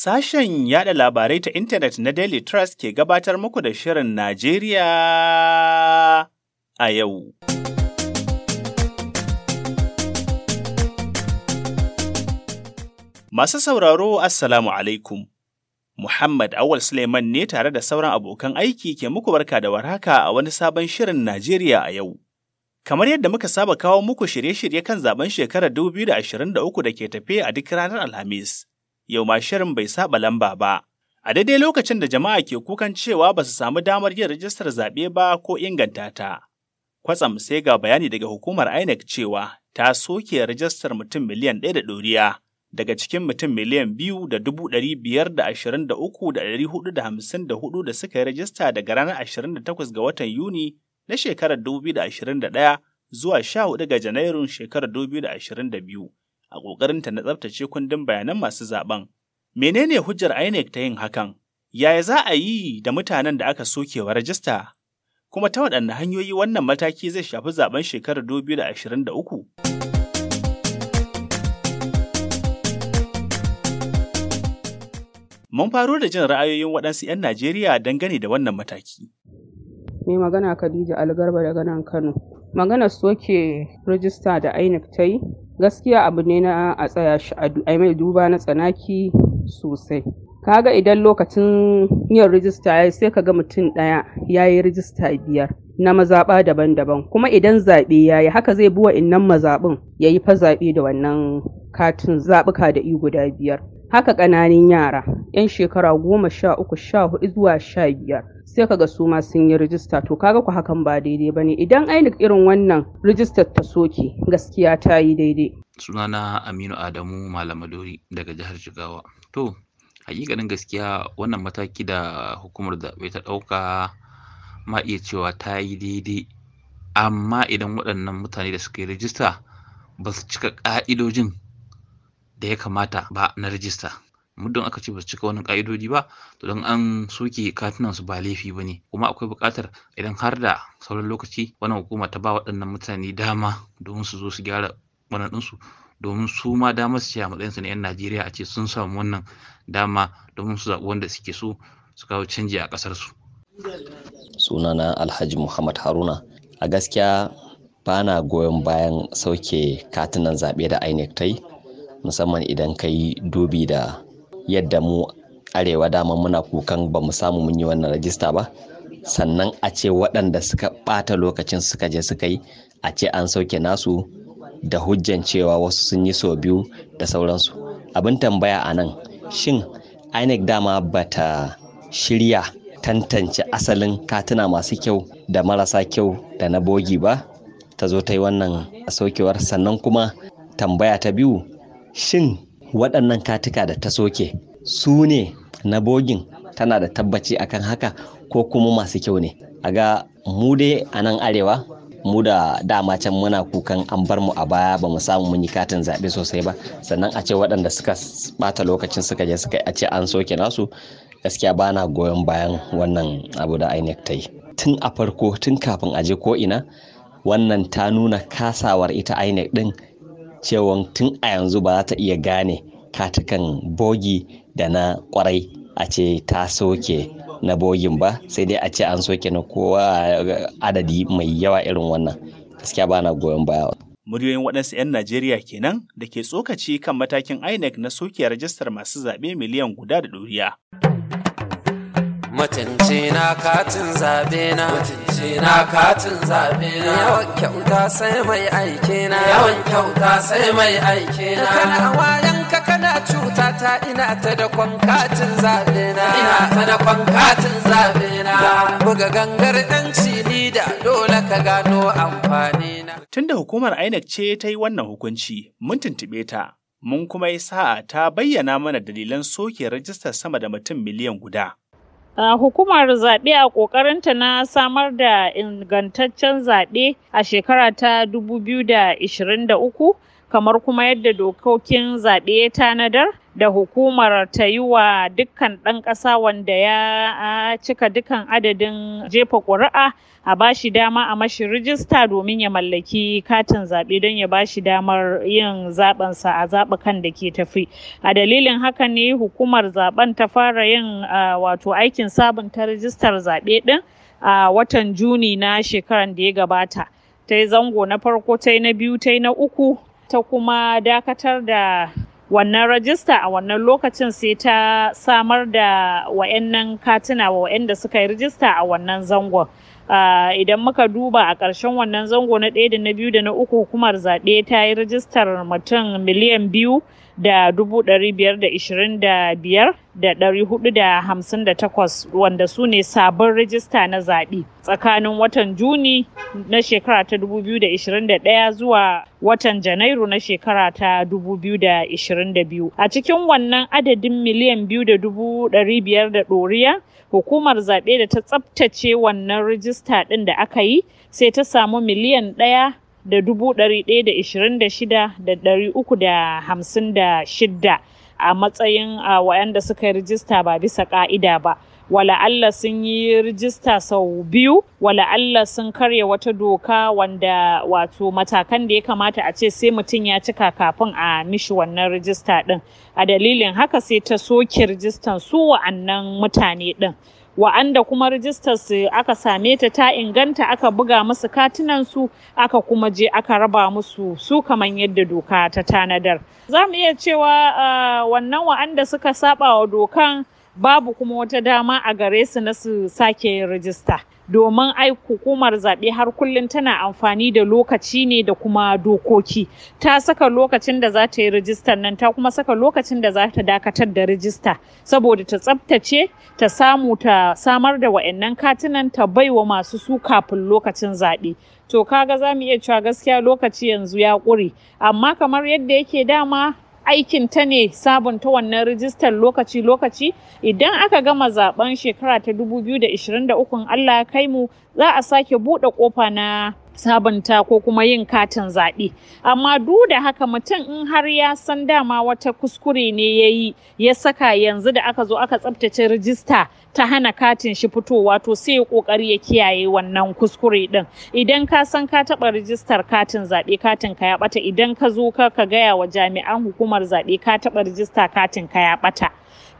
Sashen yada labarai ta intanet na Daily Trust ke gabatar muku da Shirin Najeriya a yau. Masu sauraro Assalamu alaikum. Muhammad Awal Suleiman ne tare da sauran abokan aiki ke muku barka da warhaka a wani sabon Shirin Najeriya a yau. Kamar yadda muka saba kawo muku shirye-shirye kan zaben shekarar 2023 da ke tafe a duk ranar Alhamis. yau ma shirin bai saba lamba ba. A daidai lokacin da jama'a ke kukan cewa ba su samu damar yin rajistar zaɓe ba ko inganta ta. Kwatsam sai ga bayani daga hukumar INEC cewa ta soke rajistar mutum miliyan ɗaya da ɗoriya daga cikin mutum miliyan biyu da dubu ɗari biyar da ashirin da uku da ɗari hudu da hamsin da hudu da suka yi rajista daga ranar ashirin da takwas ga watan Yuni na shekarar dubu biyu da ashirin da ɗaya zuwa sha hudu ga Janairun shekarar dubu biyu da ashirin da biyu. a ƙoƙarinta na tsabtace kundin bayanan masu zaben. Menene hujjar INEC ta yin hakan? Yaya za a yi da mutanen da aka sokewa rajista? Kuma ta waɗanne hanyoyi wannan mataki zai shafi zaben shekarar 2023? Mun faro da jin ra'ayoyin waɗansu 'yan Najeriya dangane da wannan mataki. Mai magana Khadija Algarba daga nan Kano. Magana soke rajista da INEC ta yi gaskiya abu ne na a tsaya shi a mai duba na tsanaki sosai kaga idan lokacin yin rijista ya sai ga mutum ɗaya ya yi rijista biyar na mazaɓa daban-daban kuma idan zaɓe ya yi haka zai buwa wa'innan mazaɓin ya yi fa zaɓe da wannan katin zaɓuka da i guda biyar haka ƙananan yara 'yan shekara goma sha uku sha hudu zuwa sha biyar sai kaga su ma sun yi rijista to kaga ku hakan ba daidai ba ne idan ainih irin wannan rijistar ta soke gaskiya ta yi daidai sunana aminu adamu malamadori daga jihar jigawa to hakikanin gaskiya wannan mataki da hukumar zaɓe ta ɗauka ma iya cewa ta yi daidai amma idan waɗannan mutane da suka yi rijista ba su cika ƙa'idojin da ya kamata ba na rijista muddin aka ce ba su cika wani ka'idoji ba to don an soke katunan su ba laifi ba ne kuma akwai buƙatar idan har da sauran lokaci wannan hukuma ta ba waɗannan mutane dama domin su zo su gyara wannan domin su ma dama su ce a matsayinsu na 'yan najeriya a ce sun samu wannan dama domin su zaɓi wanda suke so su kawo canji a ƙasar su sunana alhaji muhammad haruna a gaskiya ba goyon bayan sauke katunan zaɓe da inec ta yi musamman idan ka yi dubi da yadda mu arewa dama muna kukan ba mu samu mun yi wannan rajista ba sannan a ce waɗanda suka ɓata lokacin suka je suka yi a ce an sauke nasu da hujjan cewa wasu sun yi sau biyu da sauransu abin tambaya a nan shin inec dama bata shirya tantance asalin katuna masu kyau da marasa kyau da na bogi ba ta zo ta yi wannan saukewar sannan kuma tambaya ta biyu shin waɗannan katika da ta soke su ne na bogin tana da tabbaci akan haka ko kuma masu kyau ne a ga mu dai a nan arewa mu da dama can muna kukan an bar mu a baya ba mu samu mun yi katin zaɓe sosai ba sannan a ce waɗanda suka bata lokacin suka je suka a ce an soke nasu gaskiya ba na goyon bayan wannan abu da inec ta yi tun a farko tun kafin a je ko ina wannan ta nuna kasawar ita inec ɗin cewa tun a yanzu ba za ta iya gane katakan bogi da na kwarai a ce ta soke na bogin ba sai dai a ce an soke na kowa adadi mai yawa irin wannan gaskiya ba na goyon baya muryoyin waɗansu 'yan Najeriya kenan da ke tsokaci kan matakin INEC na soke rajistar masu zaɓe miliyan guda da ɗuriya. mutunci na katin zabe na mutunci na katin zabe na yawan kyauta sai mai aike na yawan kyauta sai mai aike na kana wayan ka kana cuta ta ina ta da kwan katin zabe na ina ta da kwan katin zabe na buga gangar ɗan ni da dole ka gano amfani na tunda hukumar INEC ce ta yi wannan hukunci mun tuntube ta mun kuma yi sa'a ta bayyana mana dalilan soke rajistar sama da mutum miliyan guda. hukumar zaɓe a ƙoƙarinta na samar da ingantaccen zaɓe a shekara ta 2023 kamar kuma yadda dokokin zaɓe ya tanadar da hukumar ta yi wa dukkan ɗan ƙasa wanda ya cika dukkan adadin jefa ƙuri'a a bashi dama a mashi rijista domin ya mallaki katin zaɓe don ya bashi damar yin zaɓensa a zaɓukan da ke tafi a dalilin haka ne hukumar zaɓen ta fara yin wato aikin sabunta rijistar zaɓe ɗin a watan juni na shekaran da ya gabata ta yi zango na farko ta yi na biyu ta yi na uku ta kuma dakatar da wannan rajista a wannan lokacin sai ta samar da wa'annan katina wa wa'anda suka yi rajista a wannan zangon ah, idan muka duba a ƙarshen wannan zango na ɗaya da na biyu da na uku hukumar zaɓe ta yi rajistar mutum miliyan biyu da dubu ɗari biyar da ishirin da biyar da takwas wanda su ne sabon rajista na zaɓe tsakanin watan juni na shekara ta 2021 zuwa watan janairu na shekara ta 2022 a cikin wannan adadin miliyan biyu da dubu ɗari biyar da ɗoriya hukumar zaɓe da ta tsabtace wannan rajista ɗin da aka yi sai ta samu miliyan ɗaya da dubu ɗari ɗaya da ishirin da shida da ɗari uku da hamsin da shidda a matsayin wayanda suka yi rijista ba bisa ka'ida ba Wala Allah sun yi rijista sau biyu Wala Allah sun karya wata doka wanda wato matakan da ya kamata a ce sai mutum ya cika kafin a mishi wannan rijista ɗin. a dalilin haka sai ta soke rijistan su wa'annan mutane ɗin. wa'anda kuma rijistar su aka same ta ta inganta aka buga musu katunan su aka kuma je aka raba musu su kamar yadda doka ta tanadar za mu iya cewa uh, wannan wa'anda suka saba wa dokan babu kuma wata dama a gare su na su sake yin rijista domin ai hukumar zaɓe har kullum tana amfani da lokaci ne da kuma dokoki ta saka lokacin da za ta yi rijistar nan ta kuma saka lokacin da za ta dakatar da rijista saboda ta tsabtace ta samu ta samar da wa'annan katunan ta baiwa masu su kafin lokacin zaɓe to kaga za mu iya cewa gaskiya lokaci yanzu ya ƙure amma kamar yadda yake dama aikin ta ne sabunta wannan rijistar lokaci-lokaci idan aka gama zaben shekara ta 2023 Allah ya kai mu za a sake buɗe kofa na sabunta ko kuma yin katin zaɓe amma duk da haka mutum in har ya san dama wata kuskure ne ya yi ya saka yanzu da aka zo aka tsabtace rijista ta hana katin shi fitowa to sai ya kokari ya kiyaye wannan kuskure ɗin idan ka san ka taɓa rijistar katin zaɓe katin ka ya bata idan ka zo ka ka gaya wa jami'an hukumar zaɓe ka taɓa rijista katin ka ya bata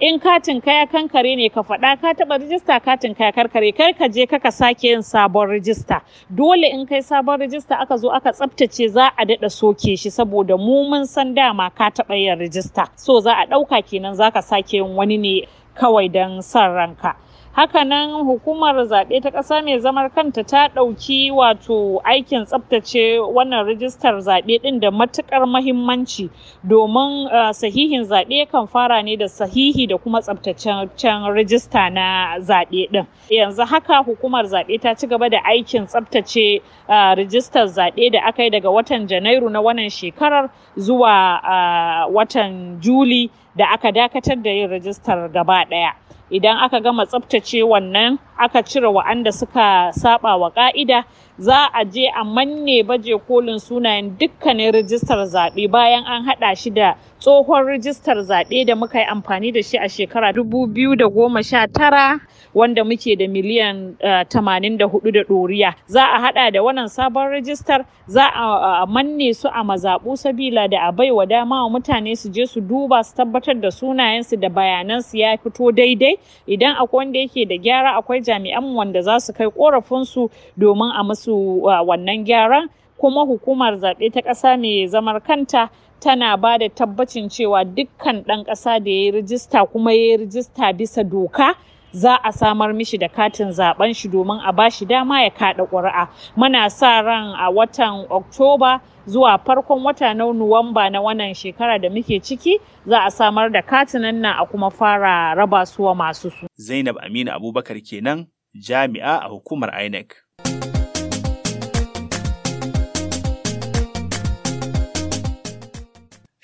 in katin ka ya kankare ne ka faɗa ka taɓa rijista katin ka ya karkare kar ka je kaka sake yin sabon rijista dole in kai sabon rijista aka zo aka tsaftace za a daɗa soke shi saboda mu mun san dama ka taɓa yin rijista so za a ɗauka kenan za ka sake yin wani ne kawai don son ranka hakanan hukumar zaɓe ta ƙasa mai zamar kanta ta ɗauki wato aikin tsaftace wannan rijistar zaɓe ɗin da matuƙar mahimmanci domin eh, sahihin zaɓe kan fara ne da sahihi da kuma tsabtacen rijista na zaɓe ɗin yanzu haka hukumar zaɓe ta ci gaba da aikin tsaftace eh, rijistar zaɓe da aka yi daga watan janairu na wannan shekarar zuwa eh, watan juli da aka dakatar da yin rajistar gaba ɗaya. Idan aka gama tsabtace wannan, aka cire wa'anda suka saɓa wa ƙa'ida za a je a manne baje kolin sunayen dukkanin rijistar zaɓe bayan an haɗa shi da tsohon rijistar zaɓe da muka yi amfani da shi a shekara 2019 wanda muke da miliyan 84 eh, da ɗoriya za a haɗa da wannan sabon rijistar za a manne su a mazaɓu sabila da a baiwa dama wa mutane su je su duba su tabbatar da sunayensu da bayanansu ya fito daidai idan akwai wanda yake da gyara akwai jami'an wanda za su kai korafinsu domin a musu su wannan gyaran kuma hukumar zaɓe ta ƙasa mai zamar kanta tana ba da tabbacin cewa dukkan ɗan ƙasa da ya yi rijista kuma ya yi rijista bisa doka za a samar mishi da katin zaben shi domin a bashi dama ya kaɗa ƙuri'a muna sa ran a watan oktoba zuwa farkon wata na nuwamba na wannan shekara da muke ciki za a samar da katinan nan a kuma fara raba su wa masu su zainab aminu abubakar kenan jami'a a hukumar inec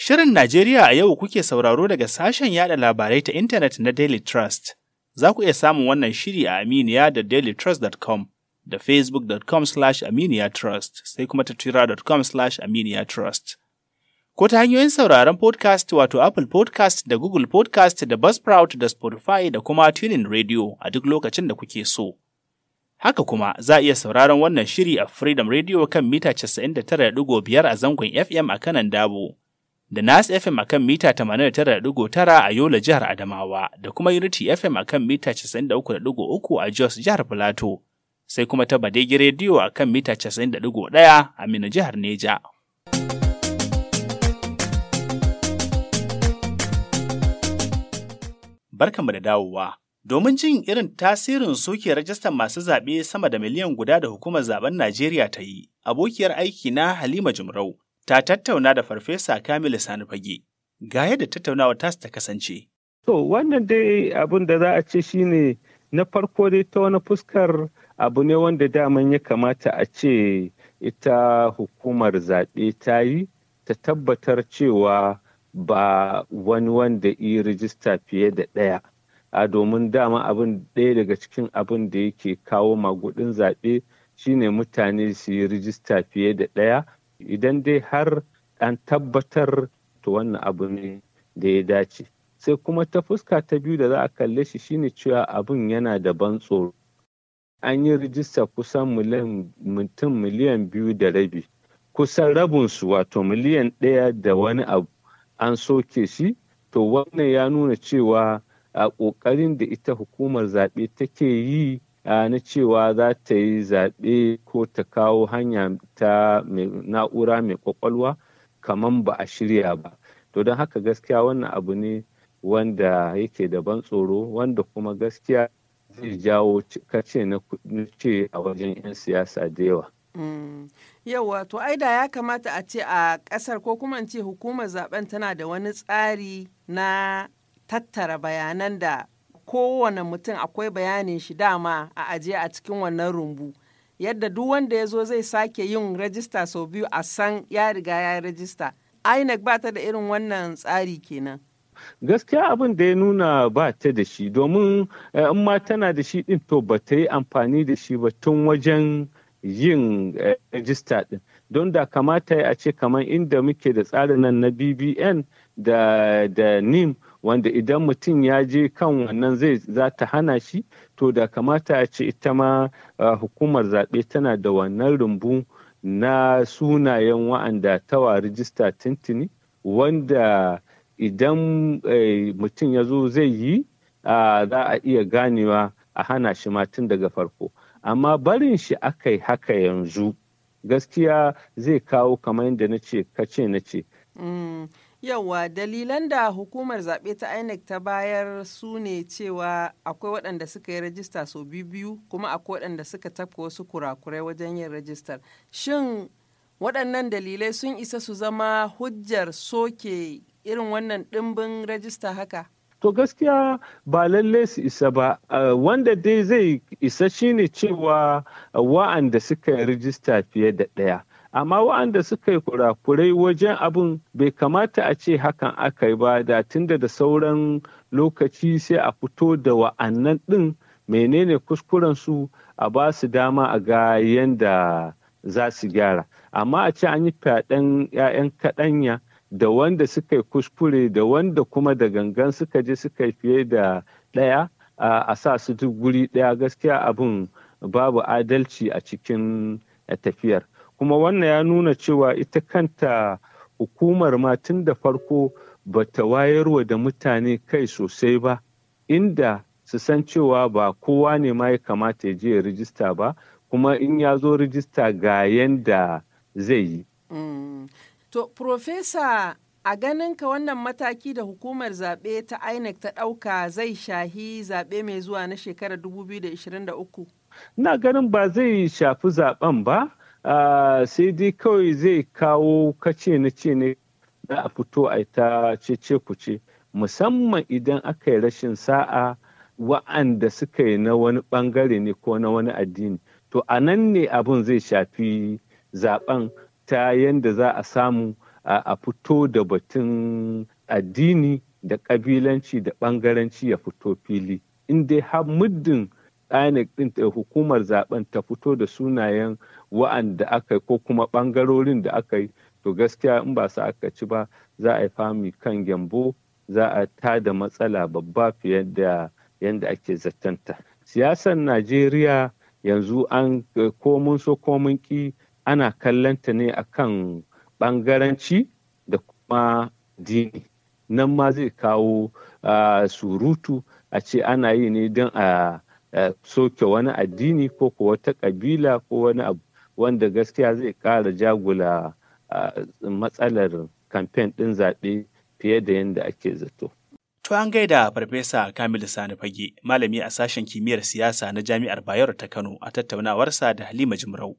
Shirin Najeriya a yau kuke sauraro daga sashen yada labarai ta intanet na Daily Trust. Za ku iya samun wannan shiri a Aminiya da dailytrust.com da facebook.com slash aminiyatrust sai kuma ta twitter.com slash aminiyatrust. Ko ta hanyoyin sauraron podcast wato Apple podcast da Google podcast da Buzzsprout da Spotify da kuma Tuning Radio a duk lokacin da kuke so. Haka kuma za a iya sauraron wannan shiri a Freedom Radio kan mita 99.5 a zangon FM a kanan Dabo. da Nas FM akan mita 89.9 a Yola jihar Adamawa da kuma Unity FM akan mita 93.3 a Jos jihar Filato. Sai kuma ta Badegi Radio akan mita 90.1 a Mina jihar Neja. Barkanmu da dawowa. Domin jin irin tasirin soke rajistar masu zaɓe sama da miliyan guda da hukumar zaben Najeriya ta yi, abokiyar aiki na Halima Jumrau ta tattauna da Farfesa Kamilu Sani Fage. Ga yadda tattaunawa ta ta kasance. To wannan dai abin da za a ce shi ne na farko dai ta wani fuskar abu ne wanda daman ya kamata a ce ita hukumar zaɓe ta yi ta tabbatar cewa ba wani wanda yi rijista fiye da ɗaya. A domin dama abin ɗaya daga cikin abin da yake kawo magudin zaɓe shine mutane su yi rijista fiye da ɗaya idan dai har an tabbatar to wannan abu ne da ya dace sai kuma ta fuska ta biyu da za a kalle shi shine cewa abun yana da ban tsoro an yi rijista kusan mutum miliyan biyu da rabi kusan rabinsu wato miliyan ɗaya da wani abu an soke shi to wannan ya nuna cewa a ƙoƙarin da ita hukumar zaɓe take yi na cewa za ta yi zaɓe ko ta kawo hanya ta na'ura mai kwakwalwa kamar ba a shirya ba to don haka gaskiya wannan abu ne wanda yake da ban tsoro wanda kuma gaskiya zai jawo kace na ce a wajen 'yan siyasa da yawa mm. yau wato to aida ya kamata a ce a ƙasar ko kuma in ce hukumar zaben tana da wani tsari na tattara bayanan da kowane mutum akwai bayanin shi dama a ajiye a cikin wannan rumbu. Yadda duk wanda ya zo zai sake yin rajista sau biyu a san ya riga ya rajista. INEC ba ta da irin wannan tsari kenan. gaskiya abin da ya nuna ba ta da shi domin eh, in ma tana da shi din to ba ta yi amfani da shi ba tun wajen yin eh, rajista din don da kamata ya ce kamar inda muke da tsarin nan na bbn da, da wanda idan mutum ya je kan wannan zai za ta hana shi to da kamata a ce ita ma hukumar zaɓe tana da wannan rumbu na sunayen wa'anda tawa rijista tintini wanda idan e, mutum ya zo zai yi za a iya ganewa a hana shi tun daga farko amma barin shi aka yi haka yanzu gaskiya zai kawo kamar yadda na ce kace na ce mm. Yawwa dalilan da hukumar zaɓe ta INEC ta bayar su ne cewa akwai waɗanda suka yi rajista sau biyu kuma akwai waɗanda suka tafka wasu kurakurai wajen yin rajistar. Shin waɗannan dalilai sun isa su zama hujjar soke irin wannan ɗimbin rajista haka? To gaskiya ba lalle su isa ba, wanda dai zai isa shine cewa wa'anda suka yi rajista fiye da ɗaya. amma wa'anda suka yi kurakurai wajen abin bai kamata a ce hakan aka yi ba da tunda da sauran lokaci sai a fito da wa'annan ɗin menene kuskuren su a ba su dama a ga yadda za su gyara amma a ce an yi fyaɗen 'ya'yan kaɗanya da wanda suka yi kuskure da wanda kuma da gangan suka je suka yi fiye da ɗaya a sa su duk guri ɗaya gaskiya abin babu adalci a cikin tafiyar kuma wannan ya nuna cewa ita kanta hukumar ma tun da farko ba ta wayarwa da mutane kai sosai ba inda su san cewa ba kowa ne ma ya kamata ya je ya rijista ba kuma in ya zo rijista ga yanda zai yi. Mm. To, Profesa, a ganinka wannan mataki da hukumar zaɓe ta INEC ta ɗauka zai shahi zaɓe mai zuwa na shekarar 2023? Na ganin ba zai shafi zaɓen ba, Ah, sai dai kawai zai kawo kace na ce ne za a fito a ta cece kuce musamman idan aka yi rashin sa'a wa'anda suka yi na wani bangare ne ko na wani addini to a nan ne abun zai shafi zaben ta yadda za a samu ah, a fito da batun addini da ƙabilanci da ɓangaranci ya fito fili in dai har muddin INEC ɗin hukumar zaben ta fito da sunayen wa'anda aka yi ko kuma ɓangarorin da aka yi to gaskiya in ba su aka ci ba za a yi fami kan gyambo za a ta da matsala babba fiye da yadda ake zattanta siyasar najeriya yanzu an komun so komun ki ana kallanta ne akan ɓangaranci da kuma dini nan ma zai kawo ah, surutu a ce ana yi ne don a soke wani addini ko ko wata ƙabila ko wani abu wanda gaskiya zai ƙara jagula matsalar kamfen ɗin zaɓe fiye da yadda ake zato. To an gaida Farfesa kamilu Sani Fage, malami a sashen kimiyyar siyasa na Jami'ar Bayero ta Kano a tattaunawarsa da Halima Jimrau.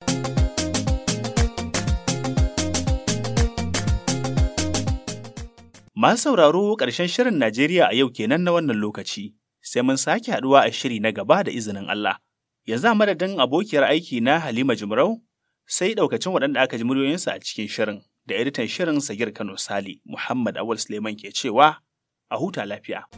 Masu sauraro ƙarshen shirin Najeriya a yau kenan na wannan lokaci. sai mun sake haɗuwa a shiri na gaba da izinin Allah. Yanzu a madadin abokiyar aiki na Halima Jimarau, sai ɗaukacin waɗanda aka ji muryoyinsu a cikin shirin da editan shirin Sagir Kano Sali Muhammad Awal Suleiman ke cewa a huta lafiya.